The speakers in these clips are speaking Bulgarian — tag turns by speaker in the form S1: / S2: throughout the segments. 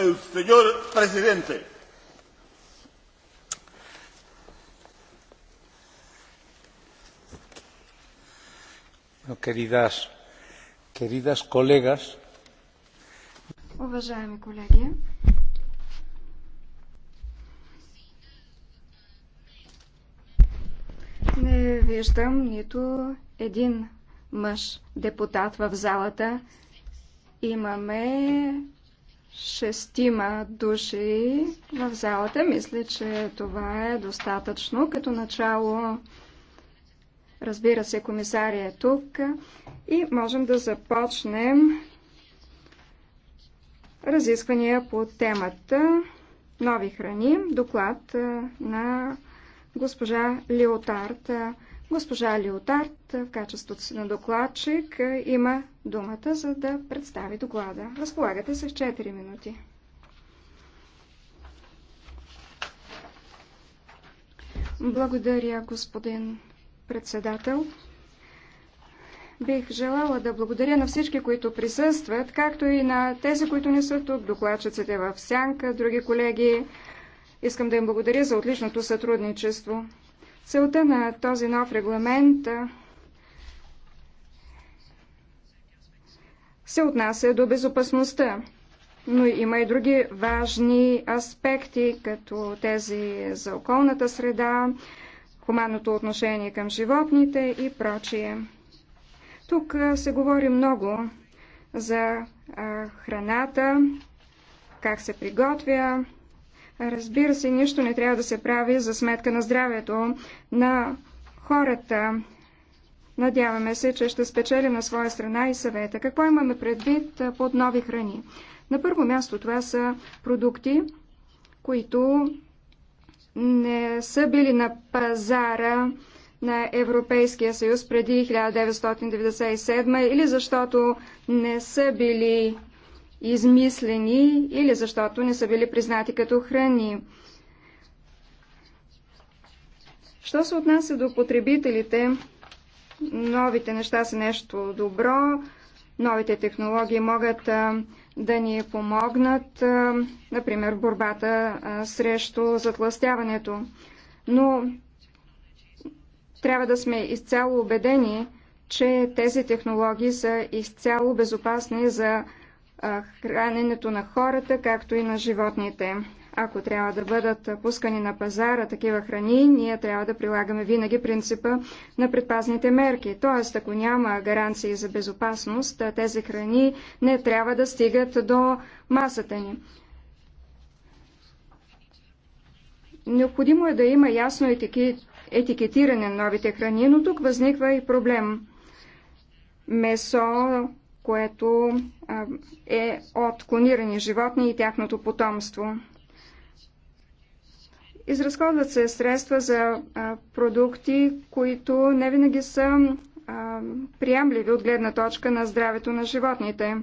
S1: el señor presidente.
S2: Queridas, queridas colegas, Уважаеми колеги, не виждам нито един мъж депутат в залата. Имаме шестима души в залата. Мисля, че това е достатъчно. Като начало, разбира се, комисария е тук и можем да започнем разисквания по темата нови храни, доклад на госпожа Леотарта. Госпожа Лиотард, в качеството си на докладчик, има думата, за да представи доклада. Разполагате се в 4 минути. Благодаря, господин председател. Бих желала да благодаря на всички, които присъстват, както и на тези, които не са тук, докладчиците в Сянка, други колеги. Искам да им благодаря за отличното сътрудничество. Целта на този нов регламент се отнася до безопасността, но има и други важни аспекти, като тези за околната среда, хуманното отношение към животните и прочие. Тук се говори много за храната, как се приготвя, Разбира се, нищо не трябва да се прави за сметка на здравето на хората. Надяваме се, че ще спечелим на своя страна и съвета. Какво имаме предвид под нови храни? На първо място това са продукти, които не са били на пазара на Европейския съюз преди 1997 или защото не са били измислени или защото не са били признати като храни. Що се отнася до потребителите, новите неща са нещо добро, новите технологии могат да ни помогнат, например, борбата срещу затластяването. Но трябва да сме изцяло убедени, че тези технологии са изцяло безопасни за храненето на хората, както и на животните. Ако трябва да бъдат пускани на пазара такива храни, ние трябва да прилагаме винаги принципа на предпазните мерки. Тоест, ако няма гаранции за безопасност, тези храни не трябва да стигат до масата ни. Необходимо е да има ясно етики... етикетиране на новите храни, но тук възниква и проблем. Месо, което е от клонирани животни и тяхното потомство. Изразходват се средства за продукти, които не винаги са приемливи от гледна точка на здравето на животните.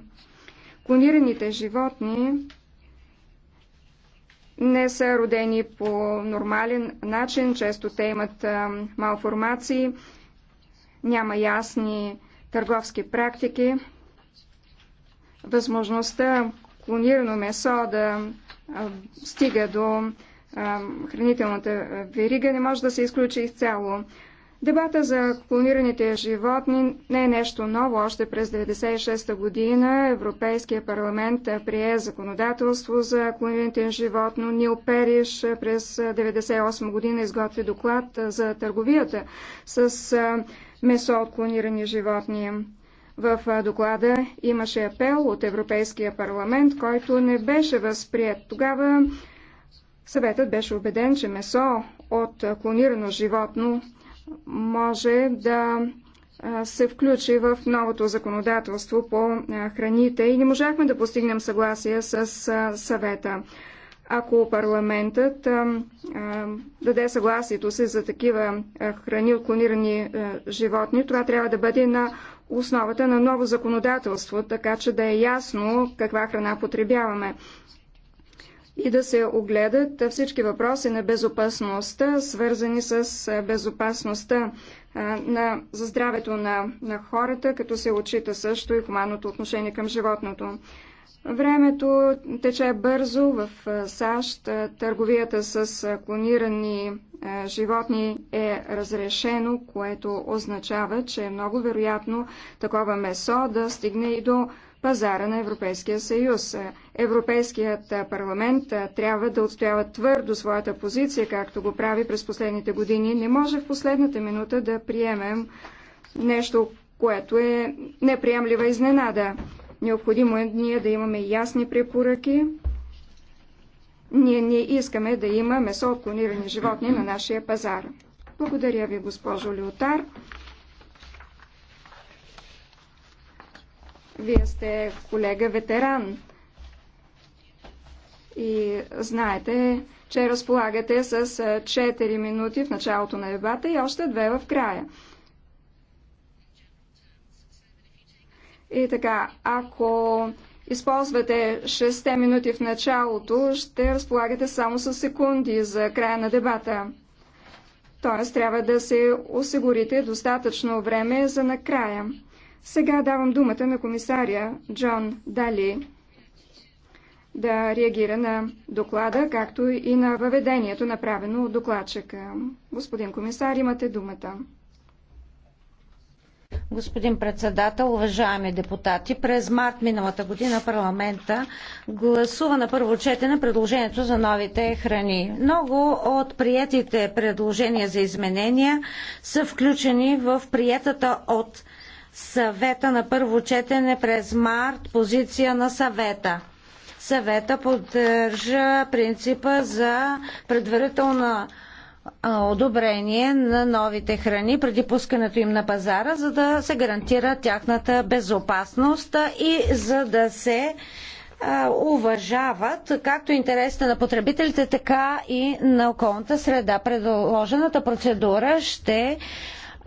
S2: Клонираните животни не са родени по нормален начин, често те имат малформации, няма ясни търговски практики възможността клонирано месо да стига до хранителната верига не може да се изключи изцяло. Дебата за клонираните животни не е нещо ново. Още през 1996 година Европейския парламент прие законодателство за клонираните животни. Нил Периш през 1998 година изготви доклад за търговията с месо от клонирани животни. В доклада имаше апел от Европейския парламент, който не беше възприят. Тогава съветът беше убеден, че месо от клонирано животно може да се включи в новото законодателство по храните и не можахме да постигнем съгласие с съвета. Ако парламентът даде съгласието си за такива храни от клонирани животни, това трябва да бъде на основата на ново законодателство, така че да е ясно каква храна потребяваме и да се огледат всички въпроси на безопасността, свързани с безопасността на, за здравето на, на хората, като се отчита също и хуманното отношение към животното. Времето тече бързо в САЩ. Търговията с клонирани животни е разрешено, което означава, че е много вероятно такова месо да стигне и до пазара на Европейския съюз. Европейският парламент трябва да отстоява твърдо своята позиция, както го прави през последните години. Не може в последната минута да приемем нещо, което е неприемлива изненада. Необходимо е ние да имаме ясни препоръки. Ние не искаме да има месо от клонирани животни на нашия пазар. Благодаря ви, госпожо Леотар. Вие сте колега ветеран и знаете, че разполагате с 4 минути в началото на дебата и още две в края. И така, ако използвате 6 минути в началото, ще разполагате само с секунди за края на дебата. Тоест, трябва да се осигурите достатъчно време за накрая. Сега давам думата на комисаря Джон Дали да реагира на доклада, както и на въведението, направено от докладчика. Господин комисар, имате думата.
S3: Господин председател, уважаеми депутати, през март миналата година парламента гласува на първо четене предложението за новите храни. Много от приетите предложения за изменения са включени в приетата от съвета на първо четене през март позиция на съвета. Съвета поддържа принципа за предварителна одобрение на новите храни преди пускането им на пазара, за да се гарантира тяхната безопасност и за да се уважават както интересите на потребителите, така и на околната среда. Предложената процедура ще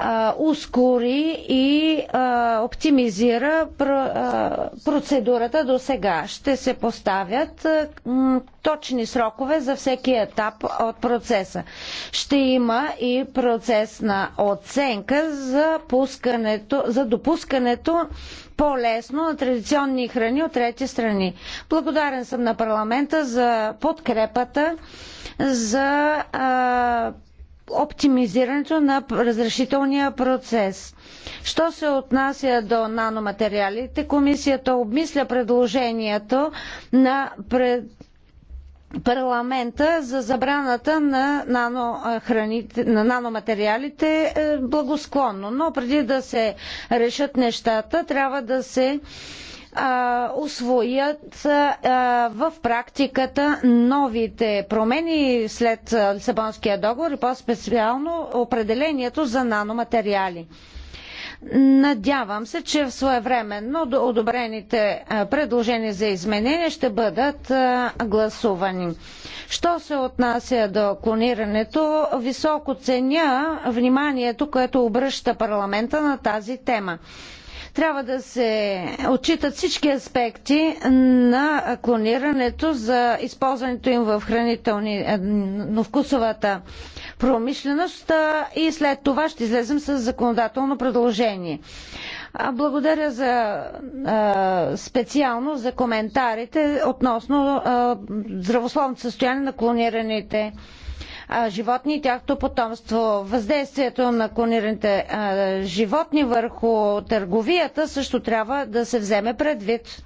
S3: а, ускори и а, оптимизира про, а, процедурата до сега. Ще се поставят а, м, точни срокове за всеки етап от процеса. Ще има и процес на оценка за, пускането, за допускането по-лесно на традиционни храни от трети страни. Благодарен съм на парламента за подкрепата за а, оптимизирането на разрешителния процес. Що се отнася до наноматериалите, комисията обмисля предложението на пред парламента за забраната на, храните, на наноматериалите е, благосклонно. Но преди да се решат нещата, трябва да се а, освоят а, в практиката новите промени след Лисабонския договор и по-специално определението за наноматериали. Надявам се, че в своевременно одобрените предложения за изменения ще бъдат гласувани. Що се отнася до клонирането, високо ценя вниманието, което обръща парламента на тази тема. Трябва да се отчитат всички аспекти на клонирането за използването им в хранителни, е, но вкусовата промишленост и след това ще излезем с законодателно предложение. Благодаря за специално за коментарите относно здравословното състояние на клонираните животни и тяхното потомство. Въздействието на клонираните животни върху търговията също трябва да се вземе предвид.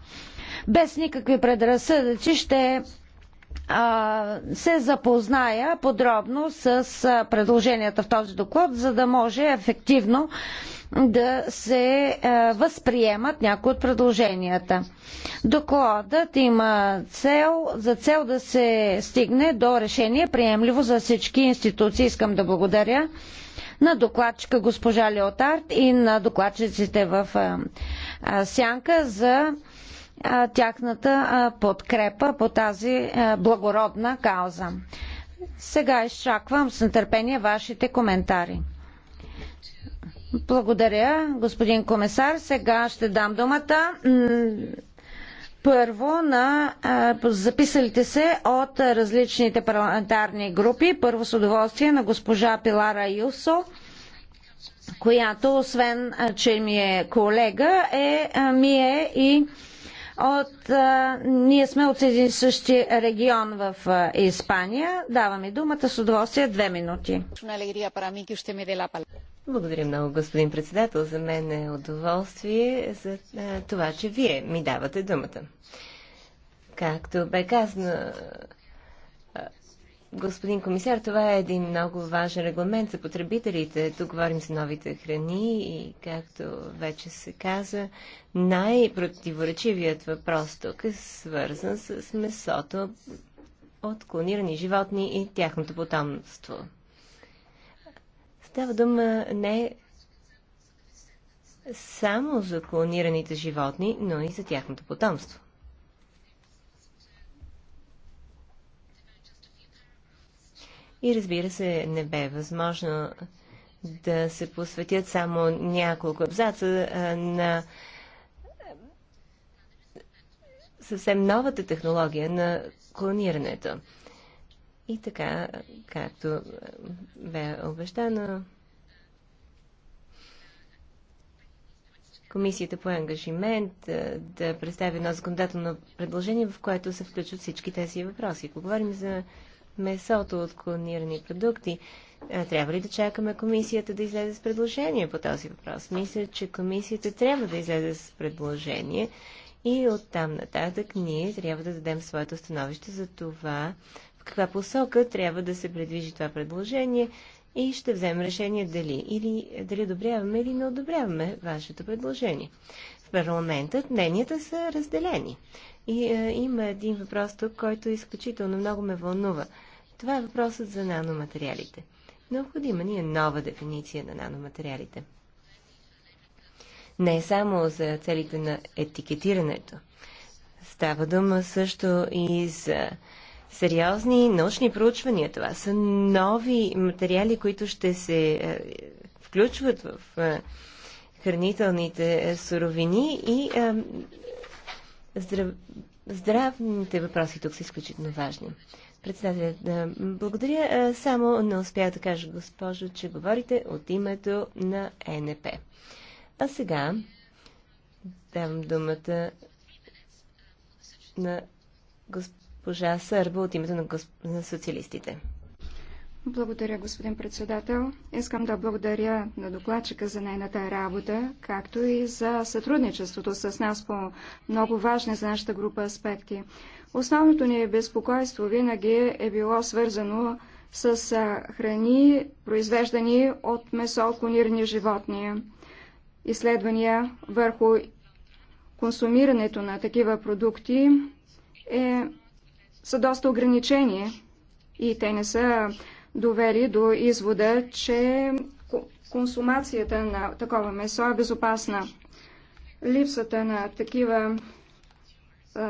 S3: Без никакви предразсъдъци ще се запозная подробно с предложенията в този доклад, за да може ефективно да се възприемат някои от предложенията. Докладът има цел, за цел да се стигне до решение приемливо за всички институции. Искам да благодаря на докладчика госпожа Леотард и на докладчиците в Сянка за тяхната подкрепа по тази благородна кауза. Сега изчаквам с нетърпение вашите коментари. Благодаря, господин комисар. Сега ще дам думата първо на записалите се от различните парламентарни групи. Първо с удоволствие на госпожа Пилара Юсо, която освен, че ми е колега, е, ми е и от... А, ние сме от един същи регион в а, Испания. Даваме думата с удоволствие
S1: две минути. Благодаря много, господин председател. За мен е удоволствие за а, това, че вие ми давате думата. Както бе казано, Господин комисар, това е един много важен регламент за потребителите. Тук говорим за новите храни и, както вече се каза, най-противоречивият въпрос тук е свързан с месото от клонирани животни и тяхното потомство. Става дума не само за клонираните животни, но и за тяхното потомство. И разбира се, не бе възможно да се посветят само няколко абзаца на съвсем новата технология на клонирането. И така, както бе обещано, Комисията по ангажимент да, представи едно законодателно предложение, в което се включат всички тези въпроси. Ако говорим за месото от клонирани продукти. Трябва ли да чакаме комисията да излезе с предложение по този въпрос? Мисля, че комисията трябва да излезе с предложение и оттам нататък ние трябва да дадем своето становище за това в каква посока трябва да се предвижи това предложение и ще вземем решение дали, или, дали одобряваме или не одобряваме вашето предложение. В парламентът мненията са разделени. И е, има един въпрос тук, който изключително много ме вълнува. Това е въпросът за наноматериалите. Необходима ни е нова дефиниция на наноматериалите. Не е само за целите на етикетирането. Става дума също и за сериозни научни проучвания. Това са нови материали, които ще се е, включват в е, хранителните суровини и е, Здрав... Здравните въпроси тук са изключително важни. Председателят, благодаря. Само не успях да кажа, госпожо, че говорите от името на е НП. А сега давам думата на госпожа Сърба от името на, госп... на социалистите.
S2: Благодаря, господин председател. Искам да благодаря на докладчика за нейната работа, както и за сътрудничеството с нас по много важни за нашата група аспекти. Основното ни е безпокойство винаги е било свързано с храни, произвеждани от месо конирни животни. Изследвания върху консумирането на такива продукти е, са доста ограничени и те не са довели до извода, че консумацията на такова месо е безопасна. Липсата на такива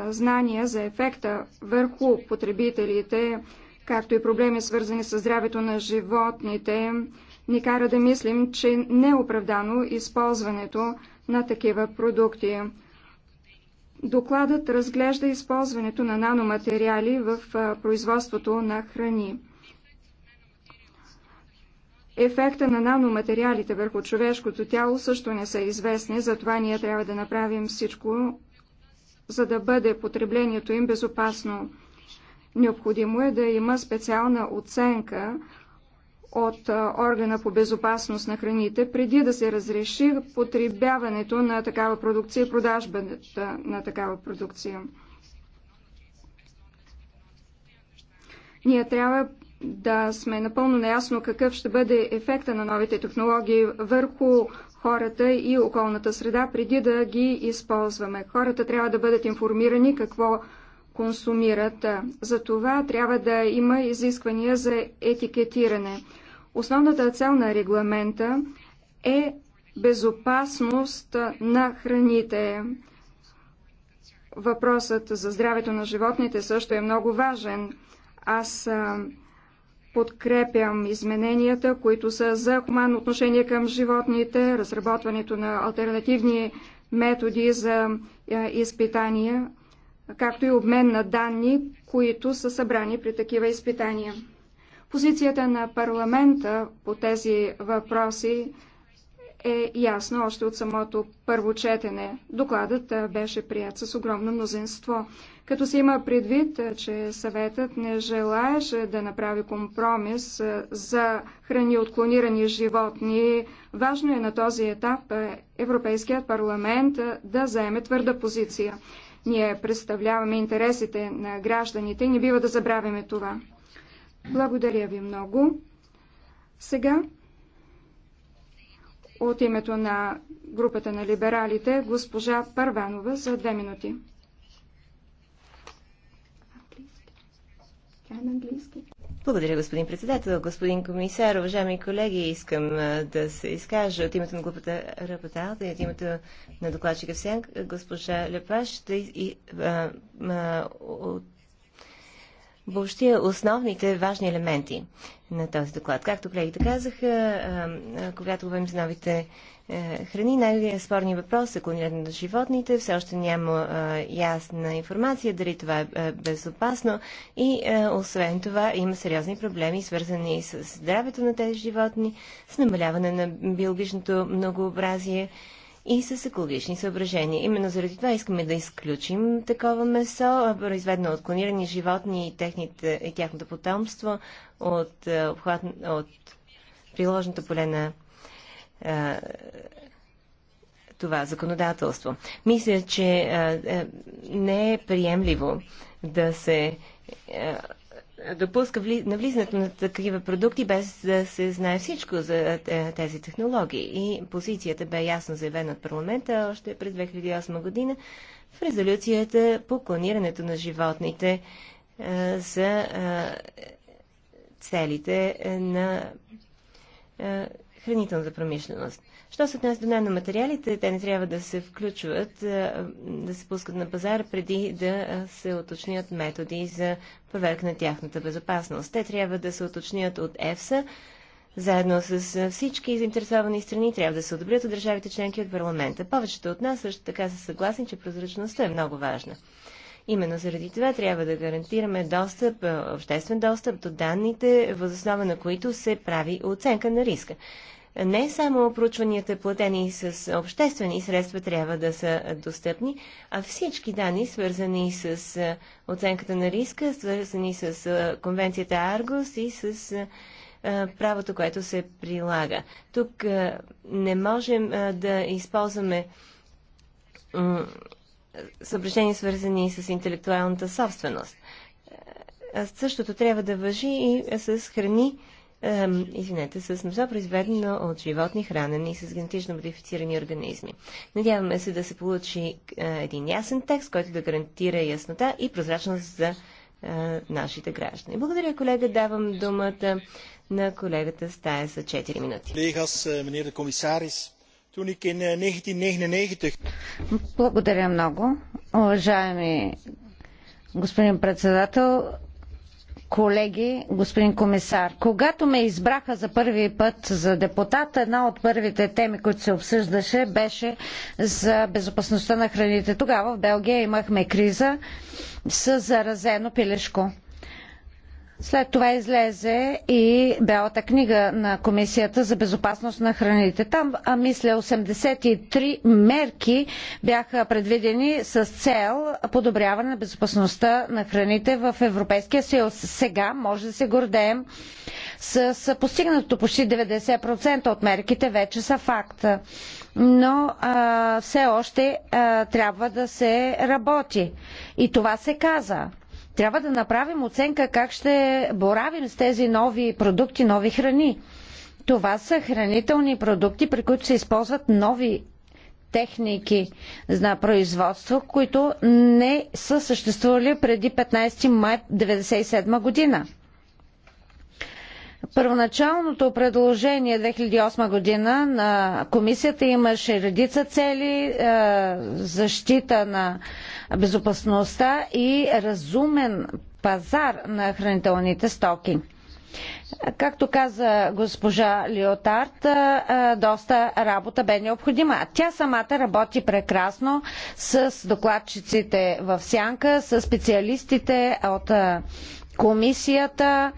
S2: знания за ефекта върху потребителите, както и проблеми свързани с здравето на животните, ни кара да мислим, че не е оправдано използването на такива продукти. Докладът разглежда използването на наноматериали в производството на храни. Ефекта на наноматериалите върху човешкото тяло също не са известни, затова ние трябва да направим всичко, за да бъде потреблението им безопасно. Необходимо е да има специална оценка от органа по безопасност на храните, преди да се разреши потребяването на такава продукция и продажбата на такава продукция. Ние трябва да сме напълно наясно какъв ще бъде ефекта на новите технологии върху хората и околната среда, преди да ги използваме. Хората трябва да бъдат информирани какво консумират. За това трябва да има изисквания за етикетиране. Основната цел на регламента е безопасност на храните. Въпросът за здравето на животните също е много важен. Аз Подкрепям измененията, които са за хуманно отношение към животните, разработването на альтернативни методи за е, изпитания, както и обмен на данни, които са събрани при такива изпитания. Позицията на парламента по тези въпроси е ясна още от самото първо четене. Докладът беше прият с огромно мнозинство. Като се има предвид, че съветът не желаеше да направи компромис за храни от клонирани животни, важно е на този етап Европейският парламент да заеме твърда позиция. Ние представляваме интересите на гражданите и не бива да забравяме това. Благодаря ви много. Сега от името на групата на либералите, госпожа Парванова за две минути.
S1: Благодаря, господин председател, господин комисар, уважаеми колеги. Искам да се изкажа от името на групата Ръпата и от името на докладчика в госпожа Лепаш, да и, а, а, от въобще основните важни елементи на този доклад. Както колегите казаха, когато говорим за новите е, храни, най-спорният въпрос е клонирането на животните. Все още няма ясна информация дали това е, е безопасно и е, освен това има сериозни проблеми, свързани с здравето на тези животни, с намаляване на биологичното многообразие и с екологични съображения. Именно заради това искаме да изключим такова месо, произведено от клонирани животни и, техните, и тяхното потомство от, е, обхват, от приложното поле на а, е, това законодателство. Мисля, че а, е, а, не е приемливо да се а, допуска навлизането на такива продукти, без да се знае всичко за тези технологии. И позицията бе ясно заявена от парламента още през 2008 година в резолюцията по клонирането на животните е, за е, целите е, на хранителната промишленост. Що се отнася до наноматериалите, те не трябва да се включват, да се пускат на пазара преди да се уточнят методи за проверка на тяхната безопасност. Те трябва да се уточнят от ЕФСА, заедно с всички заинтересовани страни трябва да се одобрят от държавите членки от парламента. Повечето от нас също така са съгласни, че прозрачността е много важна. Именно заради това трябва да гарантираме достъп, обществен достъп до данните, възоснова на които се прави оценка на риска не само проучванията, платени с обществени средства, трябва да са достъпни, а всички данни, свързани с оценката на риска, свързани с конвенцията Аргос и с правото, което се прилага. Тук не можем да използваме съображения, свързани с интелектуалната собственост. Същото трябва да въжи и с храни, извинете, с месо, произведено от животни, хранени с генетично модифицирани организми. Надяваме се да се получи един ясен текст, който да гарантира яснота и прозрачност за нашите граждани. Благодаря, колега. Давам думата на колегата Стая за 4 минути. Колегас, комисарис,
S3: благодаря много. Уважаеми господин председател, колеги, господин комисар. Когато ме избраха за първи път за депутат, една от първите теми, които се обсъждаше, беше за безопасността на храните. Тогава в Белгия имахме криза с заразено пилешко. След това излезе и бялата книга на Комисията за безопасност на храните. Там, а мисля, 83 мерки бяха предвидени с цел подобряване на безопасността на храните в Европейския съюз. Сега може да се гордеем с постигнато почти 90% от мерките вече са факта. Но а, все още а, трябва да се работи. И това се каза. Трябва да направим оценка как ще боравим с тези нови продукти, нови храни. Това са хранителни продукти, при които се използват нови техники на производство, които не са съществували преди 15 май 1997 година. Първоначалното предложение 2008 година на комисията имаше редица цели, е, защита на безопасността и разумен пазар на хранителните стоки. Както каза госпожа Лиотард, е, доста работа бе необходима. Тя самата работи прекрасно с докладчиците в сянка, с специалистите от е, комисията,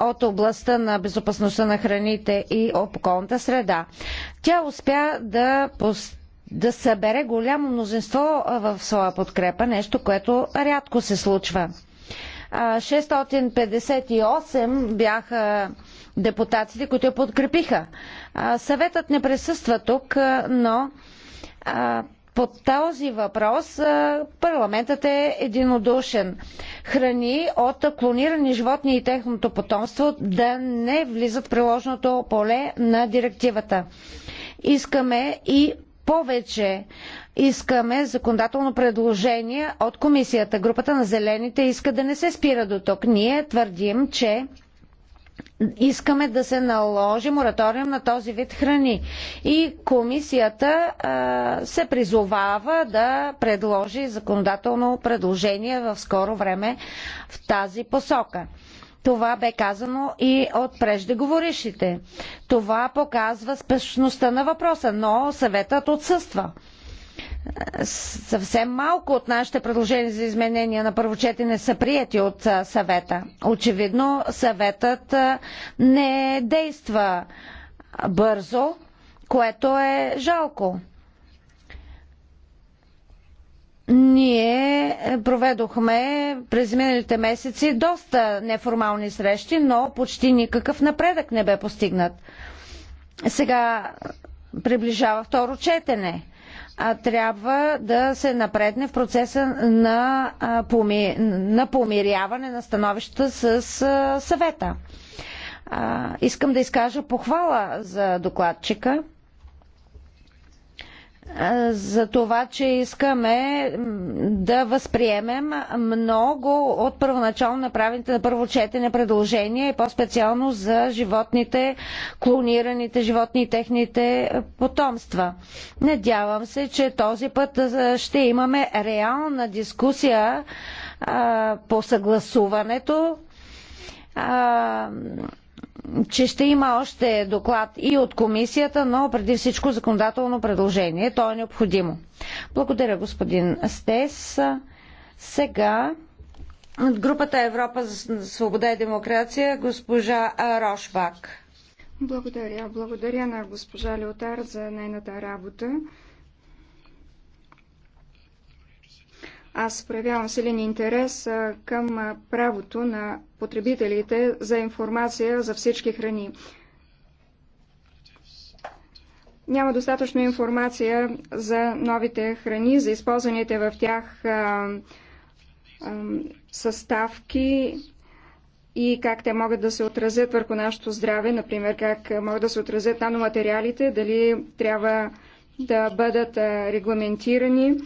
S3: от областта на безопасността на храните и околната среда. Тя успя да да събере голямо мнозинство в своя подкрепа, нещо, което рядко се случва. 658 бяха депутатите, които я подкрепиха. Съветът не присъства тук, но по този въпрос парламентът е единодушен. Храни от клонирани животни и техното потомство да не влизат в приложното поле на директивата. Искаме и повече искаме законодателно предложение от комисията. Групата на зелените иска да не се спира до тук. Ние твърдим, че искаме да се наложи мораториум на този вид храни. И комисията а, се призовава да предложи законодателно предложение в скоро време в тази посока. Това бе казано и от преждеговорившите. Това показва спешността на въпроса, но съветът отсъства съвсем малко от нашите предложения за изменения на първо четене са прияти от съвета. Очевидно съветът не действа бързо, което е жалко. Ние проведохме през миналите месеци доста неформални срещи, но почти никакъв напредък не бе постигнат. Сега приближава второ четене трябва да се напредне в процеса на, на помиряване на становищата с съвета. Искам да изкажа похвала за докладчика за това, че искаме да възприемем много от първоначално направените на първо четене предложения и по-специално за животните, клонираните животни и техните потомства. Надявам се, че този път ще имаме реална дискусия по съгласуването че ще има още доклад и от комисията, но преди всичко законодателно предложение. То е необходимо. Благодаря, господин Стес. Сега от групата Европа за свобода и демокрация госпожа Рошбак.
S2: Благодаря. Благодаря на госпожа Леотар за нейната работа. Аз проявявам силен интерес към правото на потребителите за информация за всички храни. Няма достатъчно информация за новите храни, за използваните в тях съставки и как те могат да се отразят върху нашето здраве, например как могат да се отразят наноматериалите, дали трябва да бъдат регламентирани.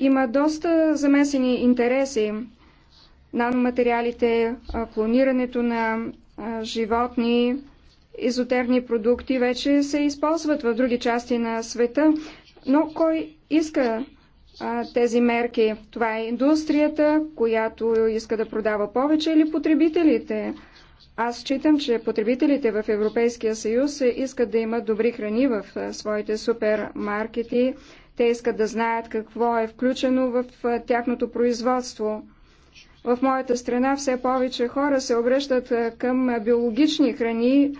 S2: Има доста замесени интереси. Наноматериалите, клонирането на животни, езотерни продукти вече се използват в други части на света, но кой иска тези мерки? Това е индустрията, която иска да продава повече или потребителите? Аз считам, че потребителите в Европейския съюз искат да имат добри храни в своите супермаркети. Те искат да знаят какво е включено в тяхното производство. В моята страна все повече хора се обръщат към биологични храни,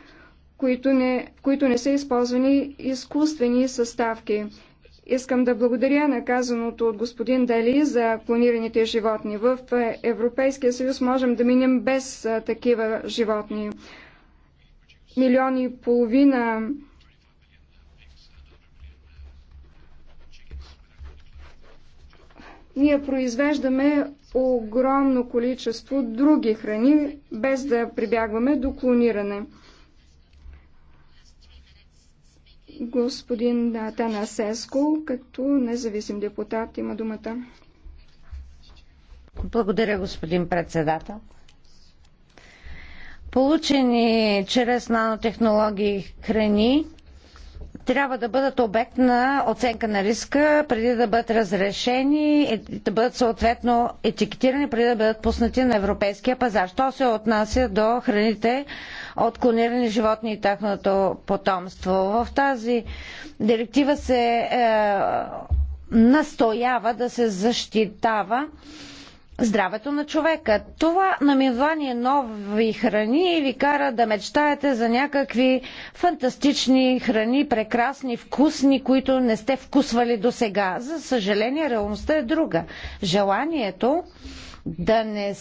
S2: които не, които не са използвани изкуствени съставки. Искам да благодаря наказаното от господин Дали за клонираните животни. В Европейския съюз можем да минем без такива животни. Милиони и половина ние произвеждаме огромно количество други храни, без да прибягваме до клониране. Господин Сеско, като независим депутат, има думата.
S3: Благодаря, господин председател.
S2: Получени
S3: чрез нанотехнологии храни трябва да бъдат обект на оценка на риска преди да бъдат разрешени, да бъдат съответно етикетирани, преди да бъдат пуснати на европейския пазар. Що се отнася до храните от клонирани животни и тяхното потомство? В тази директива се е, настоява да се защитава здравето на човека. Това наименование нови храни ви кара да мечтаете за някакви фантастични храни, прекрасни, вкусни, които не сте вкусвали до сега. За съжаление, реалността е друга. Желанието да не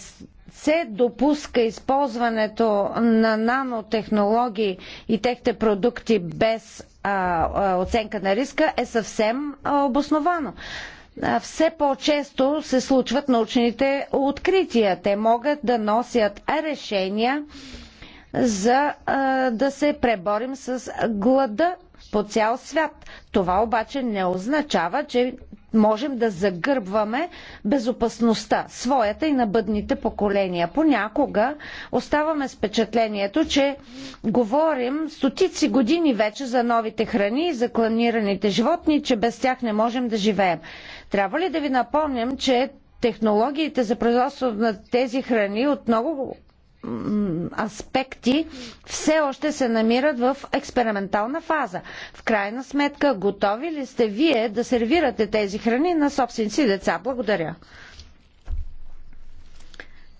S3: се допуска използването на нанотехнологии и техните продукти без а, а, оценка на риска е съвсем а, обосновано все по-често се случват научните открития. Те могат да носят решения за да се преборим с глада по цял свят. Това обаче не означава, че можем да загърбваме безопасността, своята и на бъдните поколения. Понякога оставаме с впечатлението, че говорим стотици години вече за новите храни и за кланираните животни, че без тях не можем да живеем. Трябва ли да ви напомням, че технологиите за производство на тези храни от много аспекти все още се намират в експериментална фаза. В крайна сметка, готови ли сте вие да сервирате тези храни на си деца? Благодаря.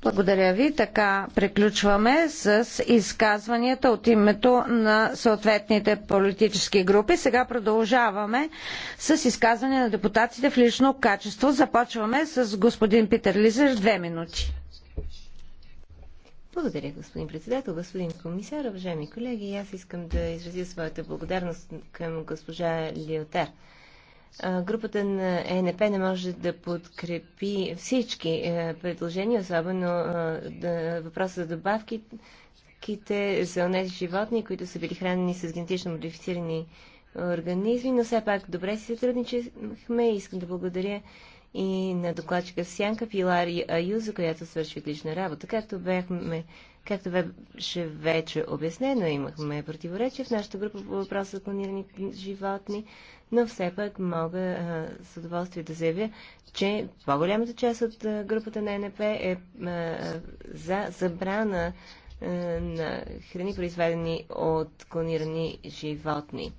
S3: Благодаря ви. Така приключваме с изказванията от името на съответните политически групи. Сега продължаваме с изказване на депутатите в лично качество. Започваме с господин Питер Лизер. Две
S1: минути. Благодаря, господин председател, господин комисар, уважаеми колеги. Аз искам да изразя своята благодарност към госпожа Лиотер групата на ЕНП не може да подкрепи всички предложения, особено да, въпроса за добавките за тези животни, които са били хранени с генетично модифицирани организми, но все пак добре си и Искам да благодаря и на докладчика Сянка Пилар и Аюза, която свърши отлична работа. Както бяхме Както беше вече обяснено, имахме противоречия в нашата група по въпроса за клонираните животни, но все пак мога а, с удоволствие да заявя, че по-голямата част от а, групата на НП е а, за забрана а, на храни, произведени от клонирани животни.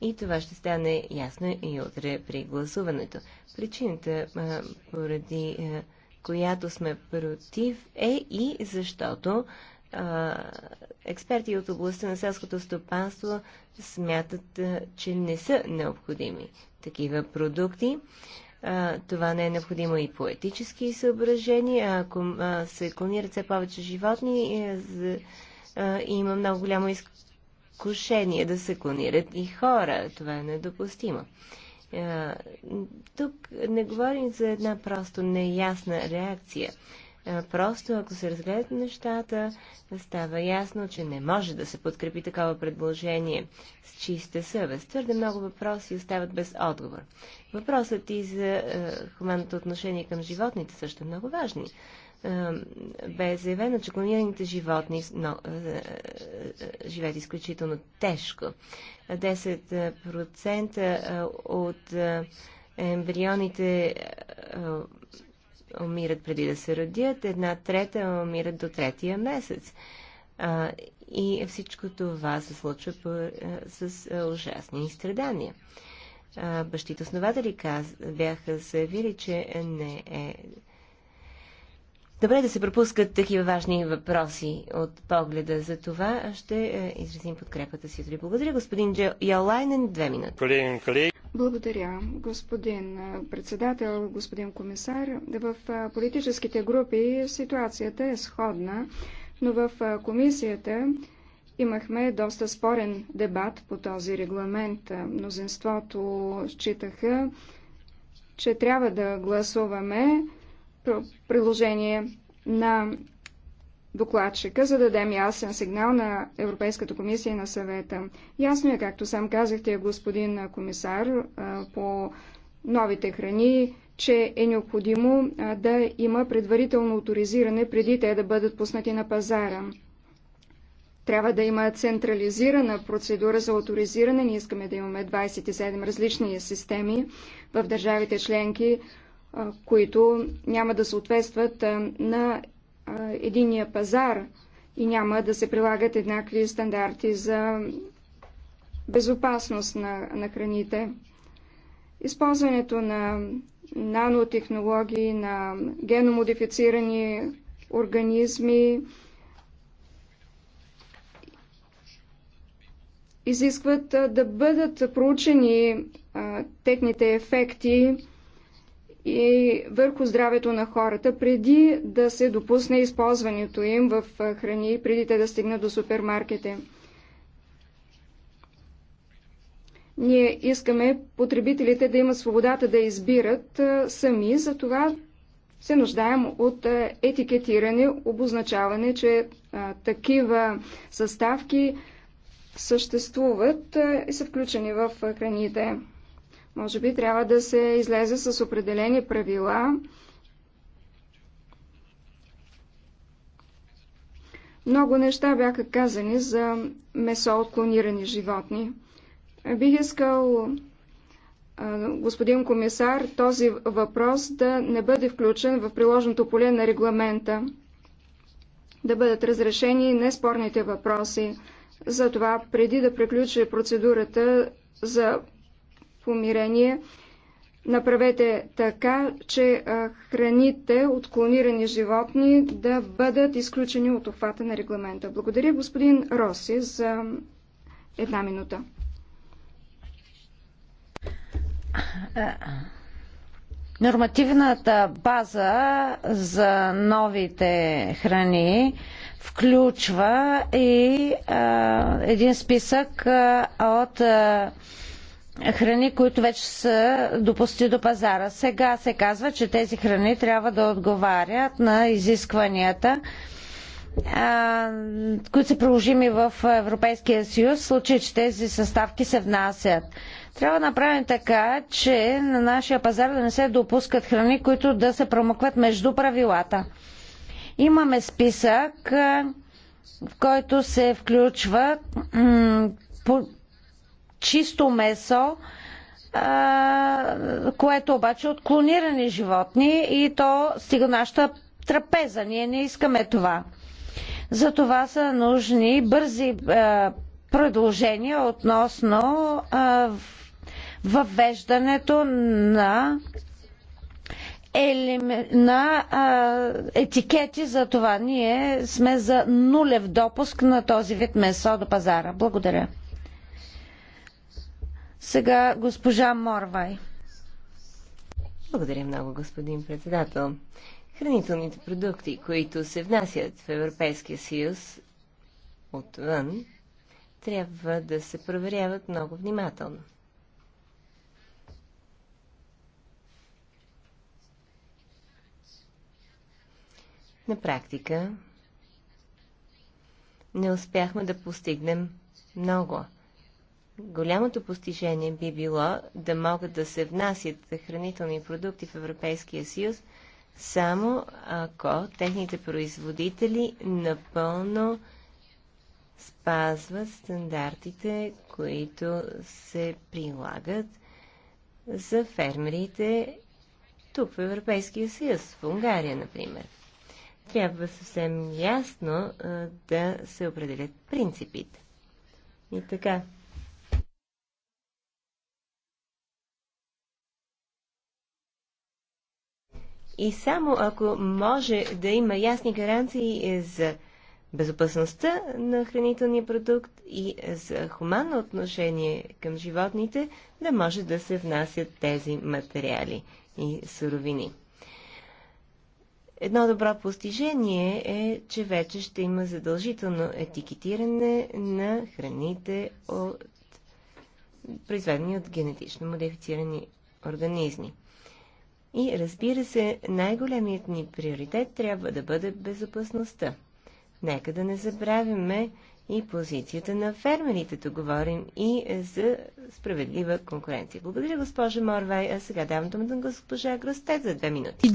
S1: И това ще стане ясно и утре при гласуването. Причината, а, поради а, която сме против, е и защото експерти от областта на селското стопанство смятат, че не са необходими такива продукти. това не е необходимо и по етически съображения. Ако се клонират все повече животни, е, има много голямо изкушение да се клонират и хора. Това е недопустимо. тук не говорим за една просто неясна реакция. Просто, ако се разгледат нещата, става ясно, че не може да се подкрепи такова предложение с чиста съвест. Твърде много въпроси остават без отговор. Въпросът и за е, хуманното отношение към животните също е много важни. Е, бе заявено, че клонираните животни но, е, е, живеят изключително тежко. 10% от ембрионите умират преди да се родят, една трета умират до третия месец. А, и всичко това се случва по, а, е, с а, е, ужасни страдания. А, бащите основатели каз, бяха заявили, че не е Добре да се пропускат такива важни въпроси от погледа. За това ще е, изразим подкрепата си. Благодаря, господин Джо Йолайнен, Две минути.
S2: Благодаря, господин председател, господин комисар. В политическите групи ситуацията е сходна, но в комисията имахме доста спорен дебат по този регламент. Мнозинството считаха, че трябва да гласуваме приложение на докладчика, за да дадем ясен сигнал на Европейската комисия и на съвета. Ясно е, както сам казахте, господин комисар, по новите храни, че е необходимо да има предварително авторизиране преди те да бъдат пуснати на пазара. Трябва да има централизирана процедура за авторизиране. Ние искаме да имаме 27 различни системи в държавите членки, които няма да съответстват на единия пазар и няма да се прилагат еднакви стандарти за безопасност на, на храните. Използването на нанотехнологии, на геномодифицирани организми изискват да бъдат проучени а, техните ефекти и върху здравето на хората, преди да се допусне използването им в храни, преди те да стигнат до супермаркети. Ние искаме потребителите да имат свободата да избират сами, затова се нуждаем от етикетиране, обозначаване, че такива съставки съществуват и са включени в храните. Може би трябва да се излезе с определени правила. Много неща бяха казани за месо от клонирани животни. Бих искал, господин комисар, този въпрос да не бъде включен в приложното поле на регламента, да бъдат разрешени неспорните въпроси. Затова, преди да приключи процедурата за помирение. Направете така, че храните от клонирани животни да бъдат изключени от обхвата на регламента. Благодаря господин Роси за една минута.
S3: Нормативната база за новите храни включва и а, един списък а, от а, храни, които вече са допусти до пазара. Сега се казва, че тези храни трябва да отговарят на изискванията, които са приложими в Европейския съюз, в случай, че тези съставки се внасят. Трябва да направим така, че на нашия пазар да не се допускат храни, които да се промъкват между правилата. Имаме списък, в който се включват чисто месо, което обаче е от клонирани животни и то стига нашата трапеза. Ние не искаме това. За това са нужни бързи предложения относно въвеждането на на етикети за това. Ние сме за нулев допуск на този вид месо до пазара. Благодаря. Сега госпожа Морвай.
S1: Благодаря много, господин председател. Хранителните продукти, които се внасят в Европейския съюз отвън, трябва да се проверяват много внимателно. На практика не успяхме да постигнем много – голямото постижение би било да могат да се внасят хранителни продукти в Европейския съюз, само ако техните производители напълно спазват стандартите, които се прилагат за фермерите тук в Европейския съюз, в Унгария, например. Трябва съвсем ясно да се определят принципите. И така, и само ако може да има ясни гаранции е, за безопасността на хранителния продукт и е, за хуманно отношение към животните, да може да се внасят тези материали и суровини. Едно добро постижение е, че вече ще има задължително етикетиране на храните от произведени от генетично модифицирани организми. И разбира се, най-големият ни приоритет трябва да бъде безопасността. Нека да не забравяме и позицията на фермерите. да говорим и за справедлива конкуренция. Благодаря, госпожа Морвай. А сега давам думата на госпожа Гростет за две минути.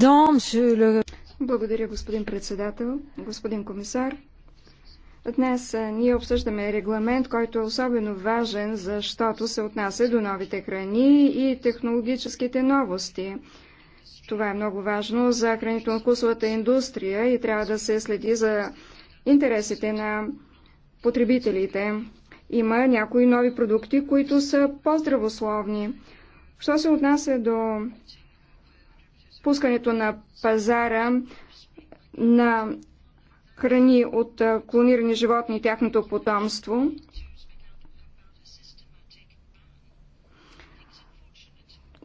S2: Благодаря, господин председател, господин комисар. Днес ние обсъждаме регламент, който е особено важен, защото се отнася до новите храни и технологическите новости. Това е много важно за хранително-вкусовата индустрия и трябва да се следи за интересите на потребителите. Има някои нови продукти, които са по-здравословни. Що се отнася до пускането на пазара на храни от клонирани животни и тяхното потомство,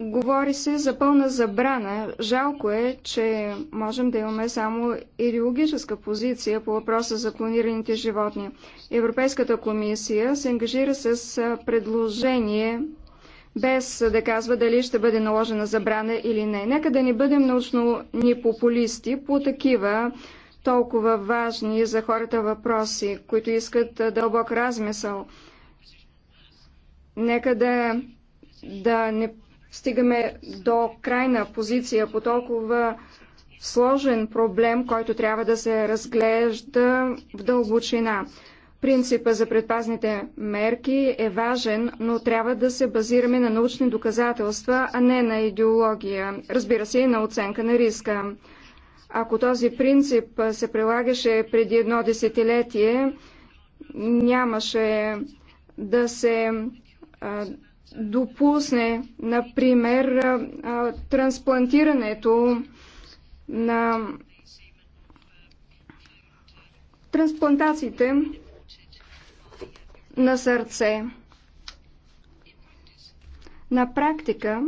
S2: Говори се за пълна забрана. Жалко е, че можем да имаме само идеологическа позиция по въпроса за клонираните животни. Европейската комисия се ангажира с предложение без да казва дали ще бъде наложена забрана или не. Нека да не бъдем научно ни популисти по такива толкова важни за хората въпроси, които искат дълбок размисъл. Нека да, да не стигаме до крайна позиция по толкова сложен проблем, който трябва да се разглежда в дълбочина. Принципа за предпазните мерки е важен, но трябва да се базираме на научни доказателства, а не на идеология. Разбира се и на оценка на риска. Ако този принцип се прилагаше преди едно десетилетие, нямаше да се допусне, например, трансплантирането на трансплантациите на сърце. На практика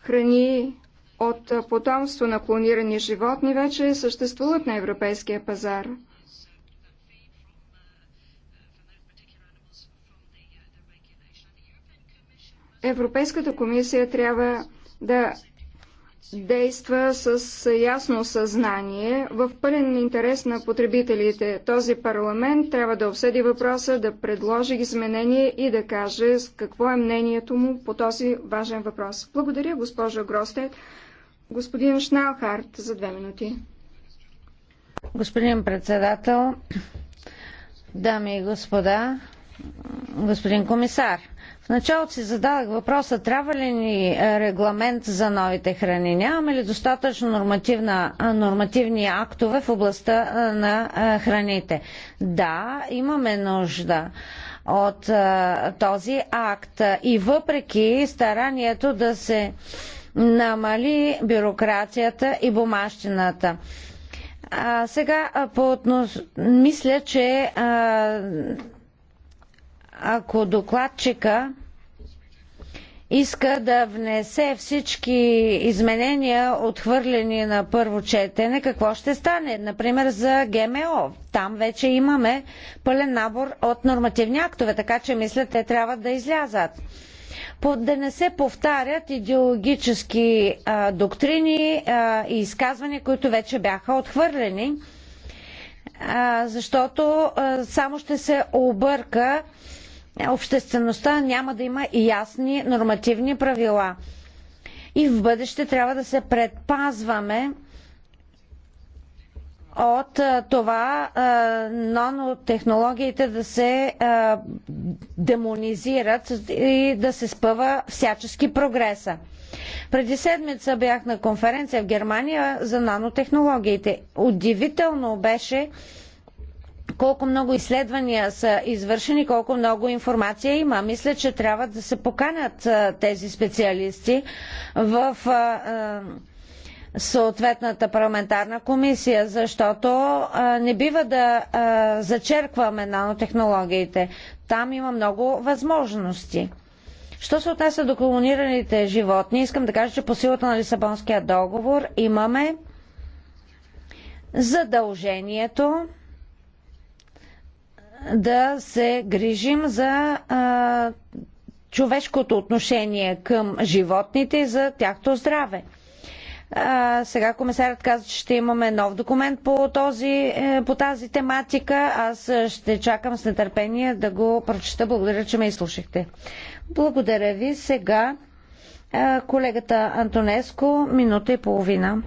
S2: храни от потомство на клонирани животни вече съществуват на европейския пазар – Европейската комисия трябва да действа с ясно съзнание в пълен интерес на потребителите. Този парламент трябва да обсъди въпроса, да предложи изменение и да каже какво е мнението му по този важен въпрос. Благодаря, госпожо Гростет. Господин Шналхарт за две минути.
S3: Господин председател, дами и господа, господин комисар – в началото си зададах въпроса, трябва ли ни е, регламент за новите храни? Нямаме ли достатъчно нормативна, е, нормативни актове в областта е, на храните? Да, имаме нужда от този акт. И въпреки старанието да се намали бюрокрацията и бумащината. А, сега а, по относ... мисля, че а, ако докладчика иска да внесе всички изменения, отхвърлени на първо четене, какво ще стане? Например, за ГМО. Там вече имаме пълен набор от нормативни актове, така че мисля, те трябва да излязат. Да не се повтарят идеологически а, доктрини а, и изказвания, които вече бяха отхвърлени, а, защото само ще се обърка е, обществеността няма да има ясни нормативни правила. И в бъдеще трябва да се предпазваме от това нанотехнологиите да се демонизират и да се спъва всячески прогреса. Преди седмица бях на конференция в Германия за нанотехнологиите. Удивително беше, колко много изследвания са извършени, колко много информация има. Мисля, че трябва да се поканят тези специалисти в съответната парламентарна комисия, защото не бива да зачеркваме нанотехнологиите. Там има много възможности. Що се отнася до колонираните животни, искам да кажа, че по силата на Лисабонския договор имаме задължението да се грижим за а, човешкото отношение към животните и за тяхто здраве. А, сега комисарят каза, че ще имаме нов документ по, този, е, по тази тематика. Аз ще чакам с нетърпение да го прочета. Благодаря, че ме изслушахте. Благодаря ви. Сега колегата Антонеско, минута и половина.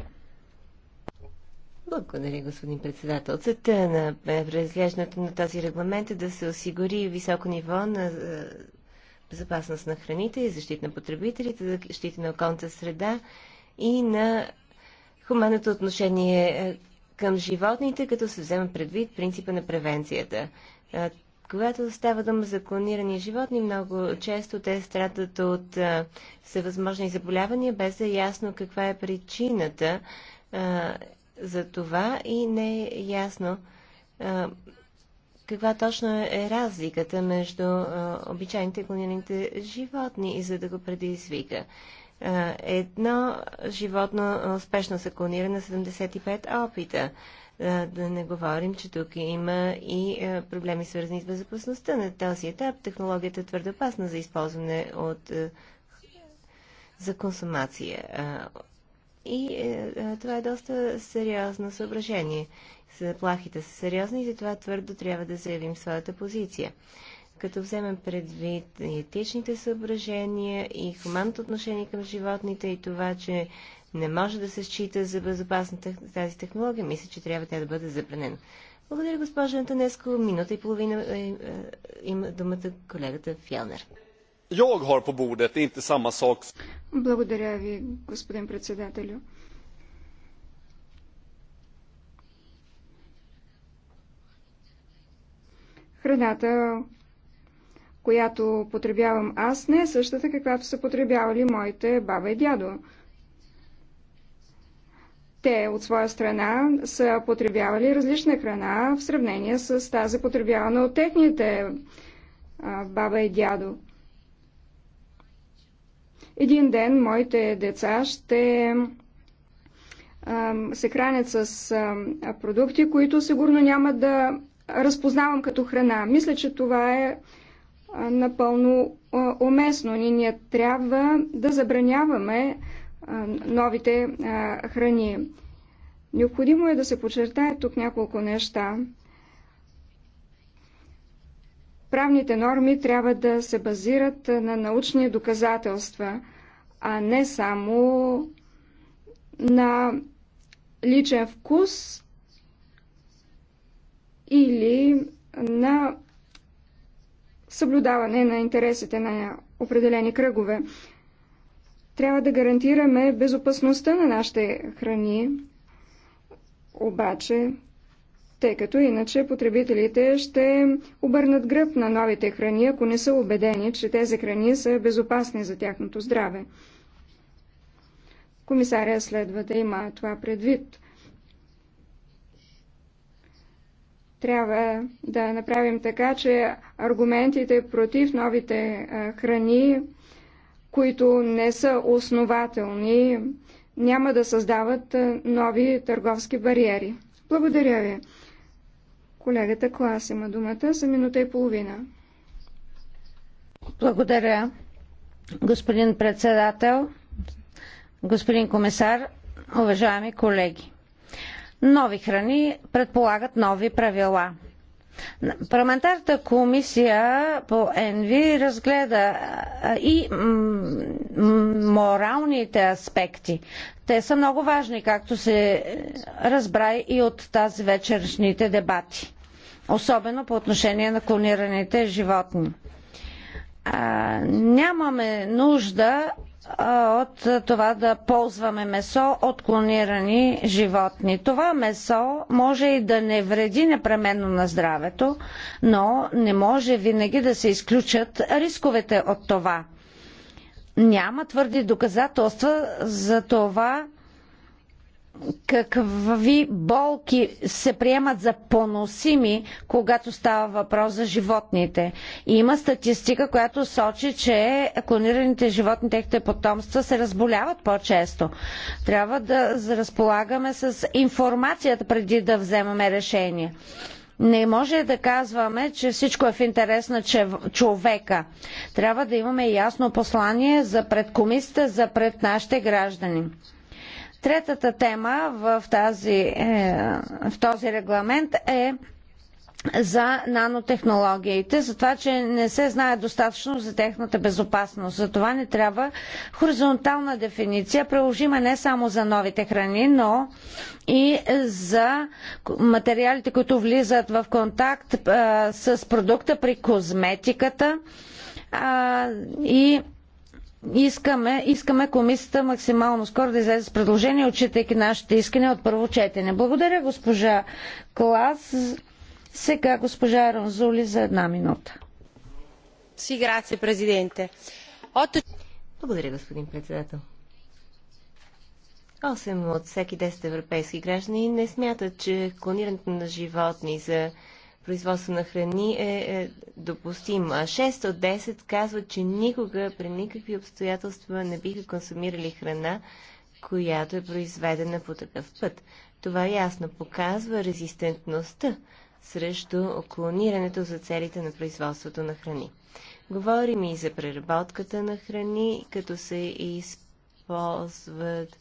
S1: Благодаря, господин председател. Цета на е, разглеждането на този регламент е да се осигури високо ниво на е, безопасност на храните и защита на потребителите, защита на околната среда и на хуманното отношение е, към животните, като се взема предвид принципа на превенцията. Когато става дума за клонирани животни, много често те страдат от всевъзможни заболявания, без да е ясно каква е причината за това и не е ясно а, каква точно е разликата между а, обичайните и клонираните животни, и за да го предизвика. А, едно животно успешно се клонира на 75 опита. А, да не говорим, че тук има и а, проблеми свързани с безопасността. На този етап технологията е твърде опасна за използване от а, за консумация. А, и е, е, това е доста сериозно съображение. Заплахите са сериозни и затова твърдо трябва да заявим своята позиция. Като вземем предвид и етичните съображения и хуманното отношение към животните и това, че не може да се счита за безопасна тази технология, мисля, че трябва тя да бъде забранена. Благодаря, госпожа Антонеско. Минута и половина е, е, има е, думата колегата Фелнер
S3: jag har på bordet är inte samma sak.
S2: Благодаря ви, господин председателю. Храната, която потребявам аз, не е същата, каквато са потребявали моите баба и дядо. Те от своя страна са потребявали различна храна в сравнение с тази потребявана от техните баба и дядо. Един ден моите деца ще се хранят с продукти, които сигурно няма да разпознавам като храна. Мисля, че това е напълно уместно. Ние, ние трябва да забраняваме новите храни. Необходимо е да се подчертая тук няколко неща. Правните норми трябва да се базират на научни доказателства, а не само на личен вкус или на съблюдаване на интересите на определени кръгове. Трябва да гарантираме безопасността на нашите храни, обаче тъй като иначе потребителите ще обърнат гръб на новите храни, ако не са убедени, че тези храни са безопасни за тяхното здраве. Комисаря следва да има това предвид. Трябва да направим така, че аргументите против новите храни, които не са основателни, няма да създават нови търговски бариери. Благодаря ви. Колегата Клас има думата за минута и половина. Благодаря,
S3: господин председател, господин комисар, уважаеми колеги. Нови храни предполагат нови правила. Парламентарната комисия по ЕНВИ разгледа и моралните аспекти. Те са много важни, както се разбра и от тази вечершните дебати особено по отношение на клонираните животни. А, нямаме нужда а, от това да ползваме месо от клонирани животни. Това месо може и да не вреди непременно на здравето, но не може винаги да се изключат рисковете от това. Няма твърди доказателства за това, какви болки се приемат за поносими, когато става въпрос за животните. И има статистика, която сочи, че клонираните животни, техните потомства се разболяват по-често. Трябва да разполагаме с информацията преди да вземаме решение. Не може да казваме, че всичко е в интерес на човека. Трябва да имаме ясно послание за пред комисията, за пред нашите граждани. Третата тема в, тази, е, в този регламент е за нанотехнологиите, за това, че не се знае достатъчно за техната безопасност. За това не трябва хоризонтална дефиниция, приложима не само за новите храни, но и за материалите, които влизат в контакт а, с продукта при козметиката а, и Искаме, искаме комисията максимално скоро да излезе с предложение, отчитайки нашите искания от първо четене. Благодаря, госпожа Клас. Сега госпожа Ранзули за една
S1: минута. Си, грация, президенте. Благодаря, господин председател. Осем от всеки 10 европейски граждани не смятат, че клонирането на животни за производство на храни е, е допустимо. А 6 от 10 казват, че никога при никакви обстоятелства не биха консумирали храна, която е произведена по такъв път. Това ясно показва резистентността срещу клонирането за целите на производството на храни. Говорим и за преработката на храни, като се използват,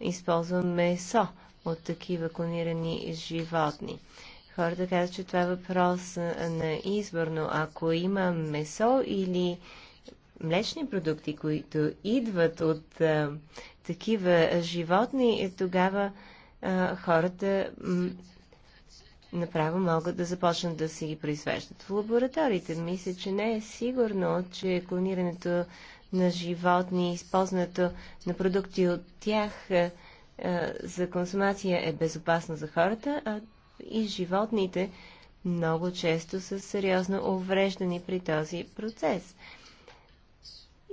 S1: използва месо от такива клонирани животни. Хората казват, че това е въпрос на избор, но ако има месо или млечни продукти, които идват от а, такива животни, е, тогава а, хората направо могат да започнат да си ги произвеждат в лабораториите. Мисля, че не е сигурно, че клонирането на животни, използването на продукти от тях а, за консумация е безопасно за хората, а и животните много често са сериозно увреждани при този процес.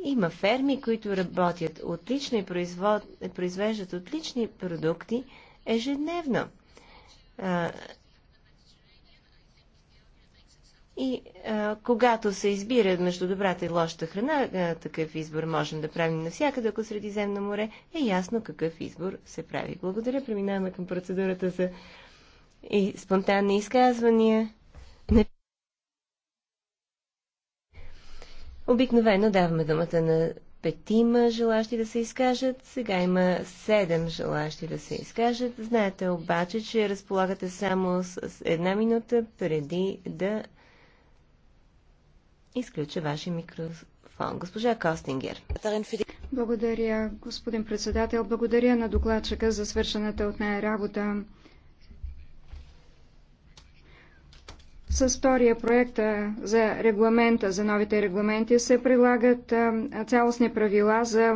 S1: Има ферми, които работят отлично и производ... произвеждат отлични продукти ежедневно. А... И а, когато се избира между добрата и лошата храна, а, такъв избор можем да правим навсякъде, ако Средиземно море е ясно какъв избор се прави. Благодаря. Преминаваме към процедурата за и спонтанни изказвания. Не... Обикновено даваме думата на петима желащи да се изкажат. Сега има седем желащи да се изкажат. Знаете обаче, че разполагате само с една минута преди да изключа вашия микрофон. Госпожа Костингер.
S2: Благодаря, господин председател. Благодаря на докладчика за свършената от нея работа. С втория проект за регламента, за новите регламенти, се прилагат цялостни правила за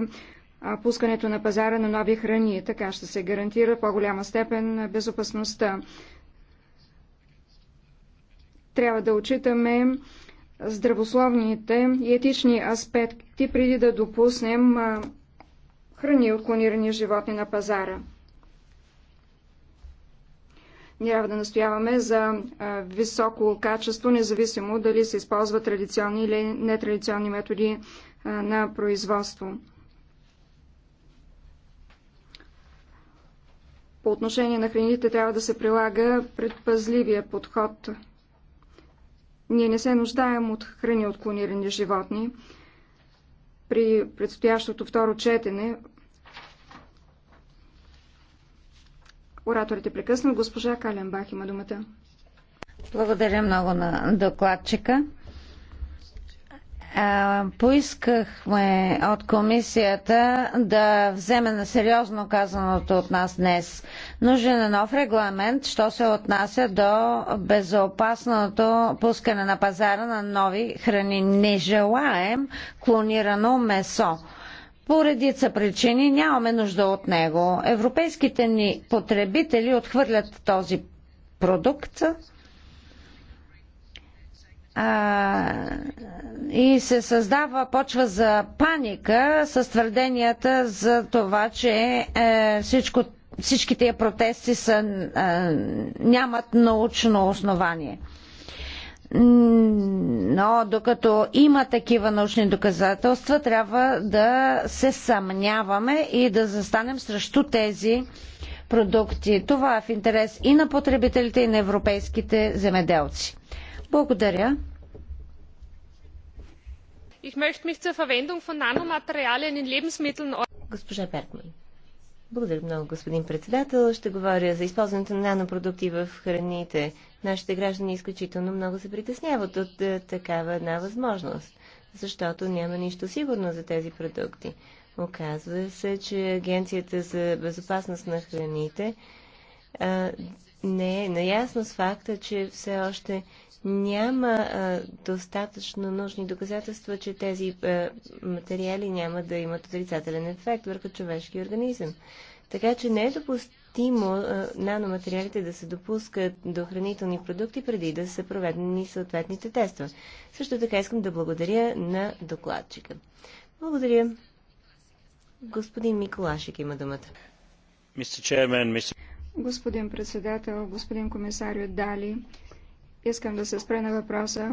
S2: пускането на пазара на нови храни. Така ще се гарантира по-голяма степен безопасността. Трябва да отчитаме здравословните и етични аспекти преди да допуснем храни от клонирани животни на пазара. Ние трябва да настояваме за високо качество, независимо дали се използват традиционни или нетрадиционни методи на производство. По отношение на храните трябва да се прилага предпазливия подход. Ние не се нуждаем от храни от клонирани животни. При предстоящото второ четене Ораторите прекъснат. Госпожа Каленбах има думата.
S3: Благодаря много на докладчика. Поискахме от комисията да вземе на сериозно казаното от нас днес. Нужен е нов регламент, що се отнася до безопасното пускане на пазара на нови храни. Не желаем клонирано месо по редица причини нямаме нужда от него. Европейските ни потребители отхвърлят този продукт а, и се създава почва за паника с твърденията за това, че е, всичко, всички протести са, е, нямат научно основание но докато има такива научни доказателства, трябва да се съмняваме и да застанем срещу тези продукти. Това е в интерес и на потребителите, и на европейските земеделци. Благодаря.
S1: Ich möchte mich zur Verwendung von Nanomaterialien in Lebensmitteln Госпожа Бергман. Благодаря много, господин председател. Ще говоря за използването на нанопродукти в храните. Нашите граждани изключително много се притесняват от е, такава една възможност, защото няма нищо сигурно за тези продукти. Оказва се, че Агенцията за безопасност на храните а, не е наясно с факта, че все още няма а, достатъчно нужни доказателства, че тези а, материали няма да имат отрицателен ефект върху човешки организъм. Така че не е допустимо допустимо наноматериалите да се допускат до хранителни продукти преди да са проведени съответните тестове. Също така искам да благодаря на докладчика. Благодаря. Господин Миколашик има думата. Господин
S2: председател, господин комисар, Дали, искам да се спре на въпроса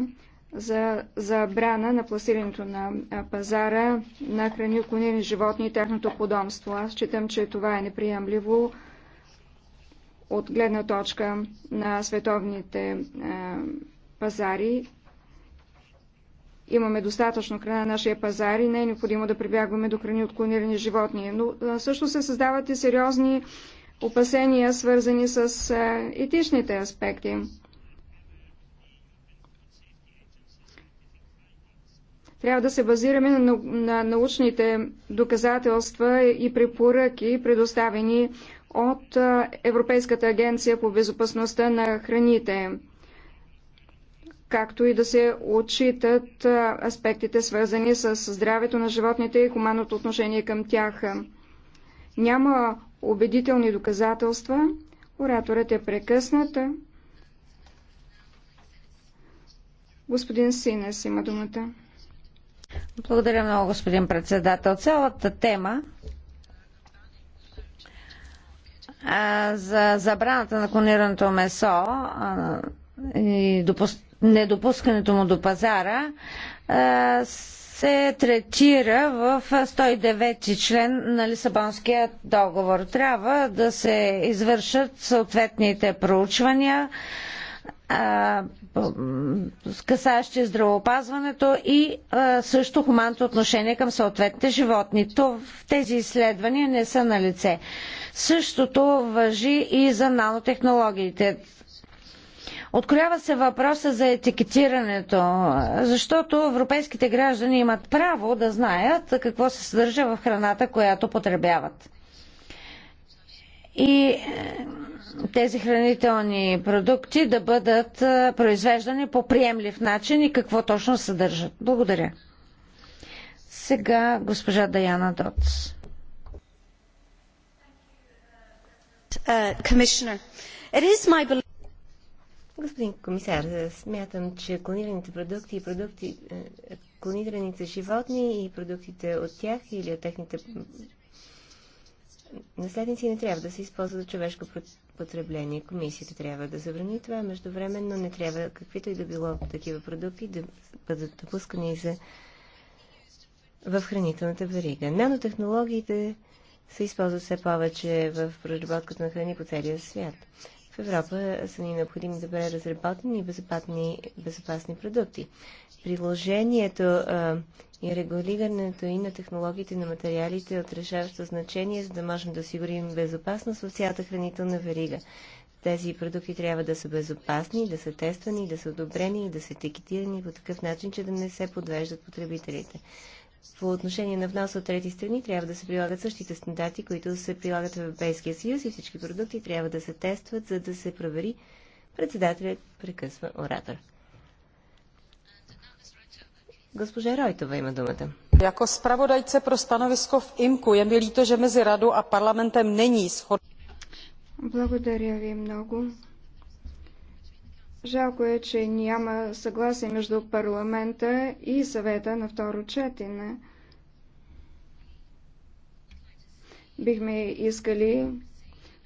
S2: за забрана на пластирането на пазара на храни, клонени животни и тяхното подомство. Аз считам, че това е неприемливо от гледна точка на световните е, пазари. Имаме достатъчно храна на нашия пазар и не е необходимо да прибягваме до храни от клонирани животни. Но е, също се създават и сериозни опасения, свързани с е, етичните аспекти. Трябва да се базираме на научните доказателства и препоръки, предоставени от Европейската агенция по безопасността на храните, както и да се отчитат аспектите свързани с здравето на животните и хуманното отношение към тях. Няма убедителни доказателства. Ораторът е прекъснат. Господин Синес има думата. Благодаря много, господин председател. Цялата
S3: тема за забраната на клонираното месо и недопускането му до пазара се третира в 109 член на Лисабонския договор. Трябва да се извършат съответните проучвания, касаещи здравеопазването и а, също хуманното отношение към съответните животни. То в тези изследвания не са на лице. Същото въжи и за нанотехнологиите. Откроява се въпроса за етикетирането, защото европейските граждани имат право да знаят какво се съдържа в храната, която потребяват и е, тези хранителни продукти да бъдат е, произвеждани по приемлив начин и какво точно съдържат. Благодаря. Сега госпожа Даяна Доц.
S1: Uh, Господин комисар, смятам, че клонираните продукти и продукти, е, клонираните животни и продуктите от тях или от техните наследници не трябва да се използват за човешко потребление. Комисията трябва да забрани това. Междувременно не трябва каквито и да било такива продукти да бъдат допускани за в хранителната верига. Нанотехнологиите се използват все повече в преработката на храни по целия свят. В Европа са ни необходими добре разработени и безопасни, безопасни продукти приложението а, и регулирането и на технологиите на материалите е значение, за да можем да осигурим безопасност в цялата хранителна верига. Тези продукти трябва да са безопасни, да са тествани, да са одобрени и да са етикетирани по такъв начин, че да не се подвеждат потребителите. По отношение на вноса от трети страни трябва да се прилагат същите стандарти, които се прилагат в Европейския съюз и всички продукти трябва да се тестват, за да се провери. Председателят прекъсва оратор. Госпожа Ройтова има думата. Jako zpravodajce pro stanovisko v
S2: IMKU je mi líto, že mezi radou a parlamentem není schod. Благодаря ви много. Жалко е, че няма съгласие между парламента и съвета на второ четене. Бихме искали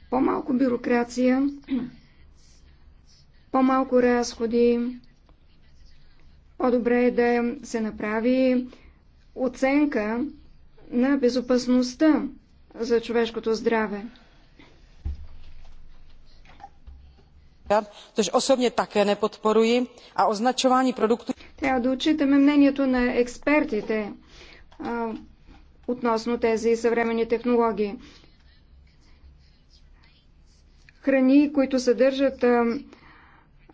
S2: по-малко бюрокрация, по-малко разходи, по-добре е да се направи оценка на безопасността за човешкото здраве. také a označování produktů. Трябва да отчитаме мнението на експертите а, относно тези съвременни технологии. Храни, които съдържат а,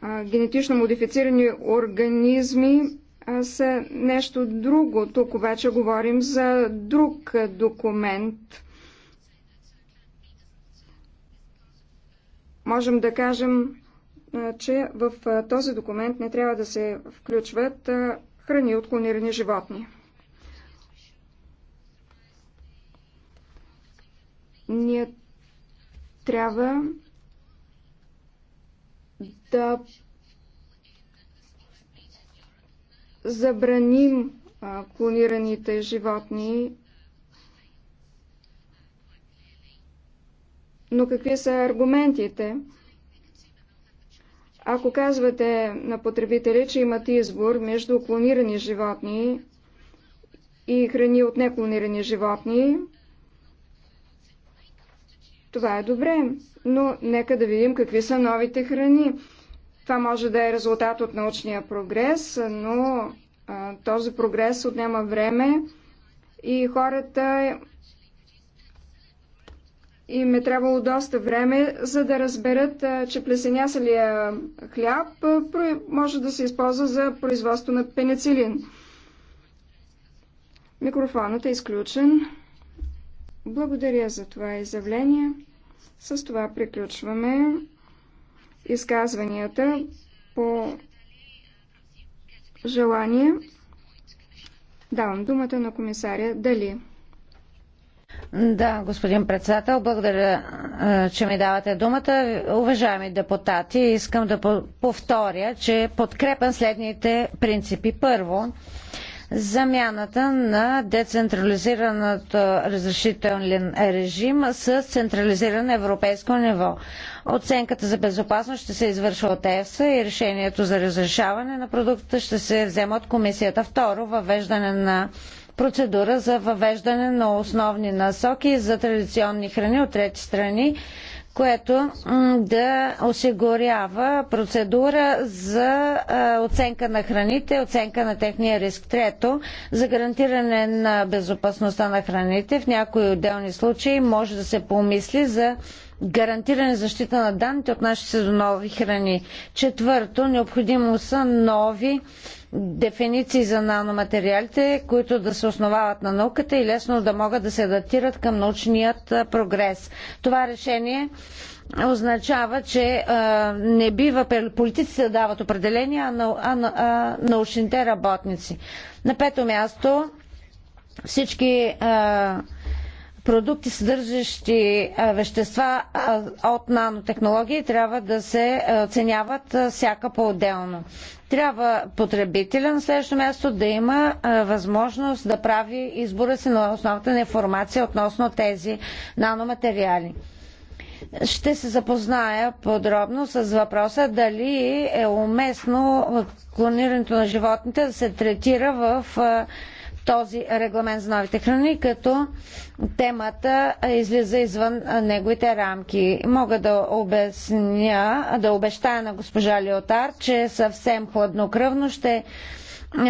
S2: генетично модифицирани организми са нещо друго. Тук обаче говорим за друг документ. Можем да кажем, че в този документ не трябва да се включват храни от клонирани животни. Ние трябва да забраним клонираните животни. Но какви са аргументите? Ако казвате на потребители, че имат избор между клонирани животни и храни от неклонирани животни, това е добре, но нека да видим какви са новите храни. Това може да е резултат от научния прогрес, но а, този прогрес отнема време и хората им е трябвало доста време, за да разберат, а, че плесенясалия хляб а, може да се използва за производство на пеницилин. Микрофонът е изключен. Благодаря за това изявление. С това приключваме изказванията по желание. Давам думата на комисаря Дали.
S3: Да, господин председател, благодаря, че ми давате думата. Уважаеми депутати, искам да повторя, че подкрепям следните принципи. Първо, замяната на децентрализираното разрешителен режим с централизиран европейско ниво. Оценката за безопасност ще се извършва от ЕФСА и решението за разрешаване на продукта ще се взема от комисията. Второ, въвеждане на процедура за въвеждане на основни насоки за традиционни храни от трети страни което да осигурява процедура за оценка на храните, оценка на техния риск. Трето, за гарантиране на безопасността на храните в някои отделни случаи може да се помисли за гарантиране защита на данните, от нашите до нови храни. Четвърто, необходимо са нови дефиниции за наноматериалите, които да се основават на науката и лесно да могат да се адаптират към научният прогрес. Това решение означава, че а, не бива политиците да дават определения, а, на, а, а научните работници. На пето място всички а, продукти, съдържащи вещества от нанотехнологии, трябва да се оценяват всяка по-отделно. Трябва потребителя на следващо място да има възможност да прави избора си на основата на информация относно тези наноматериали. Ще се запозная подробно с въпроса дали е уместно клонирането на животните да се третира в този регламент за новите храни, като темата излиза извън неговите рамки. Мога да обясня, да обещая на госпожа Лиотар, че съвсем хладнокръвно ще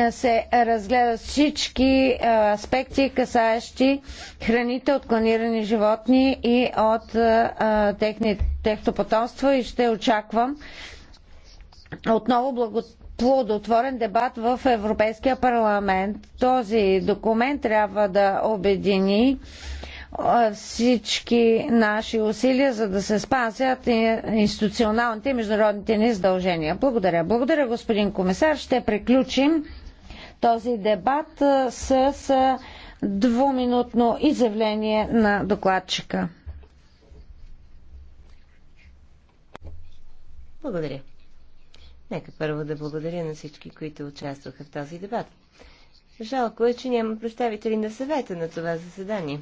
S3: се разгледат всички аспекти, касаещи храните от клонирани животни и от техни, техто потомство и ще очаквам отново благо, плодотворен дебат в Европейския парламент. Този документ трябва да обедини всички наши усилия, за да се спасят институционалните и международните ни задължения. Благодаря. Благодаря, господин комисар. Ще приключим този дебат с двуминутно изявление на докладчика.
S1: Благодаря. Нека първо да благодаря на всички, които участваха в този дебат. Жалко е, че няма представители на съвета на това заседание.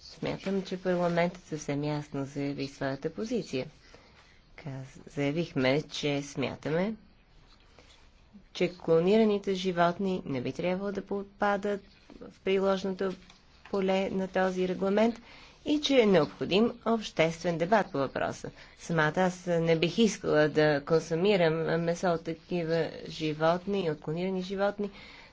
S1: Смятам, че парламентът съвсем ясно заяви своята позиция. Заявихме, че смятаме, че клонираните животни не би трябвало да попадат в приложното поле на този регламент и че е необходим обществен дебат по въпроса. Самата аз не бих искала да консумирам месо от такива животни, от клонирани животни,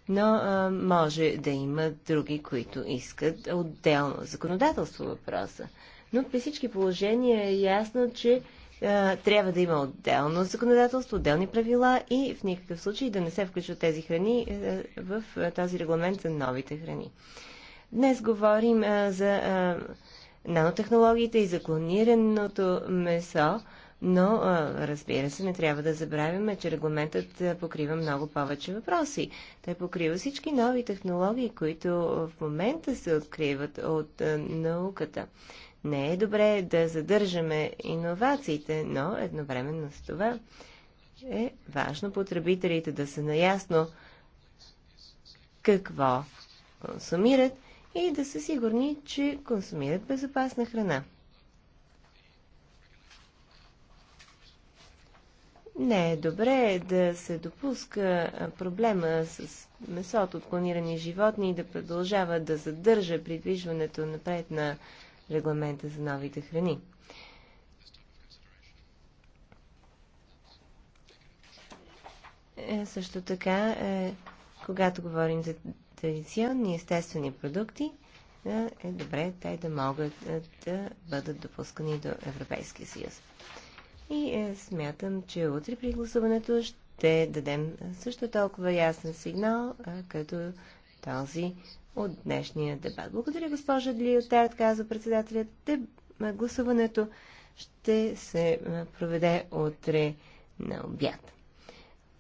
S1: но а, може да има други, които искат отделно законодателство въпроса. Но при всички положения е ясно, че а, трябва да има отделно законодателство, отделни правила и в никакъв случай да не се включват тези храни а, в а, този регламент за новите храни. Днес говорим а, за а, нанотехнологиите и за клонираното месо, но разбира се, не трябва да забравяме, че регламентът покрива много повече въпроси. Той покрива всички нови технологии, които в момента се откриват от науката. Не е добре да задържаме иновациите, но едновременно с това е важно потребителите да са наясно какво консумират и да са сигурни, че консумират безопасна храна. Не е добре да се допуска проблема с месото от клонирани животни и да продължава да задържа придвижването напред на регламента за новите храни. Е, също така, е, когато говорим за традиционни естествени продукти, е добре те да могат да бъдат допускани до Европейския съюз. И е, смятам, че утре при гласуването ще дадем също толкова ясен сигнал, като този от днешния дебат. Благодаря, госпожа Длиотард, казва председателят. Гласуването ще се проведе утре на обяд.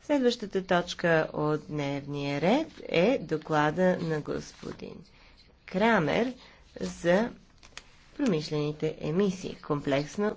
S1: Следващата точка от дневния ред е доклада на господин Крамер за промишлените емисии. Комплексно